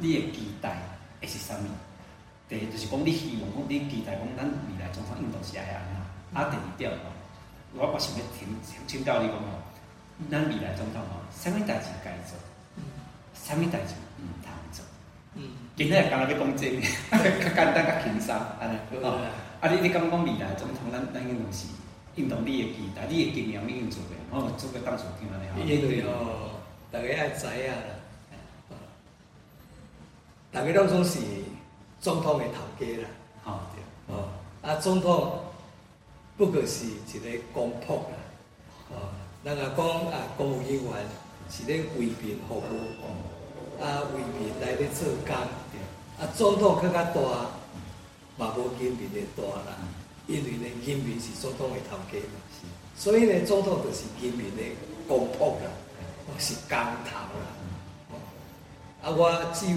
你嘅期待會是啥物？第一，就是講你希望講，你期待講咱未來總統印度是安遐樣啊？啊第二條，我我想欲聽請請教你講哦，咱未來總統哦，啥物代志該做？嗯，啥物代志毋通做？嗯，今簡單簡單去公證，較簡單較輕鬆，安尼哦。啊你你講講未來總統咱咱印度是印度你嘅期待，你嘅經驗咩樣做嘅？哦，做個單數聽下你好。對個哦，大家也知影啊。大家攏說是總統的頭家啦，哦，哦，啊總統不過是一個公僕啦，哦，人哋講啊公務員是咧為民服務，啊為民來嚟做工，啊總統更加大啊，無人民的大啦，因為咧人民是總統的頭家，所以咧總統就是人民的公僕啦，是工頭啦，啊我只有。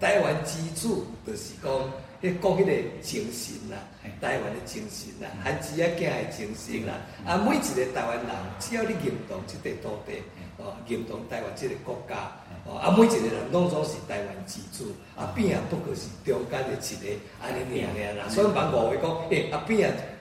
台灣之子就是講迄國嗰啲精神啦、啊，台灣嘅精神啦、啊，番薯仔囝嘅精神啦、啊，嗯、啊每一個台灣人只要你認同即啲土地，哦認同台灣即個國家，哦啊每一個人都當是台灣之子，啊，扁啊，不過是中間嘅一個安尼娘娘啦，嗯、所以講我會講，阿扁。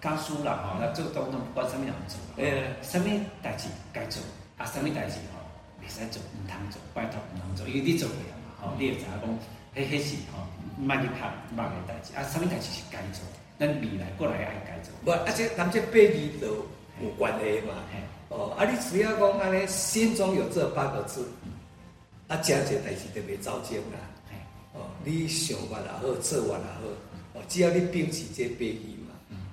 家書啦，嚇！嗱，做東中不管什麼嘢做，誒對，什麼代誌該做，啊，什麼代誌哦，未使做，毋通做，拜託毋通做，因為你做嘅嘛，嚇！你會知影講，喺嗰時哦，唔捱住拍，唔捱嘅代誌，啊，什麼代誌是該做，咱未來過來要愛該做。唔，啊，即，咁即八字就有，是有關係嘛，係。哦，啊，你只要講安尼，心中有這八個字，嗯、啊，誠濟代誌著袂走精啦，是哦，你想法也好，做法也好，哦、嗯，只要你秉持這八字。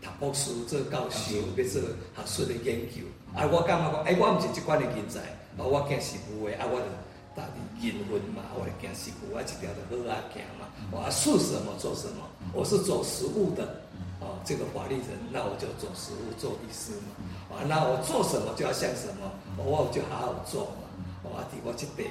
讀博士做教授，學要做學術的研究。啊，我感覺講，哎、欸，我毋是即款的人才，啊，我見識唔會，啊，我嚟認分嘛，我嚟見識唔，我一條就好啊行嘛。我、啊、是什麼做什麼，我是做實務的，哦、啊，這個法律人，那我就做實務做律師嘛。啊，那我做什麼就要像什麼，啊、我就好好做嘛。啊、我我即背。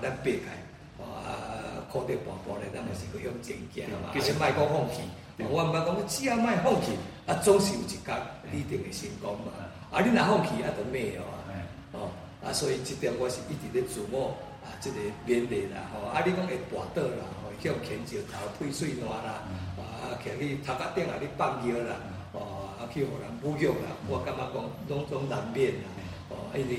得迫開啊嗰啲婆婆咧都唔是食嗰樣正嘅，其實莫講放棄，我毋捌講，只要莫放棄，啊總是有一功，一定會成功嘛。啊，你若放棄，啊就咩啊？哦，啊所以即點，我是一直佇自我啊，即個勉勵啦。哦，啊你講會摔倒啦，會叫牽住頭腿碎爛啦，啊，企去頭殼頂，啊，你放尿啦，哦，啊去互人侮辱啦，我感覺講攏總難免啦，哦，因為。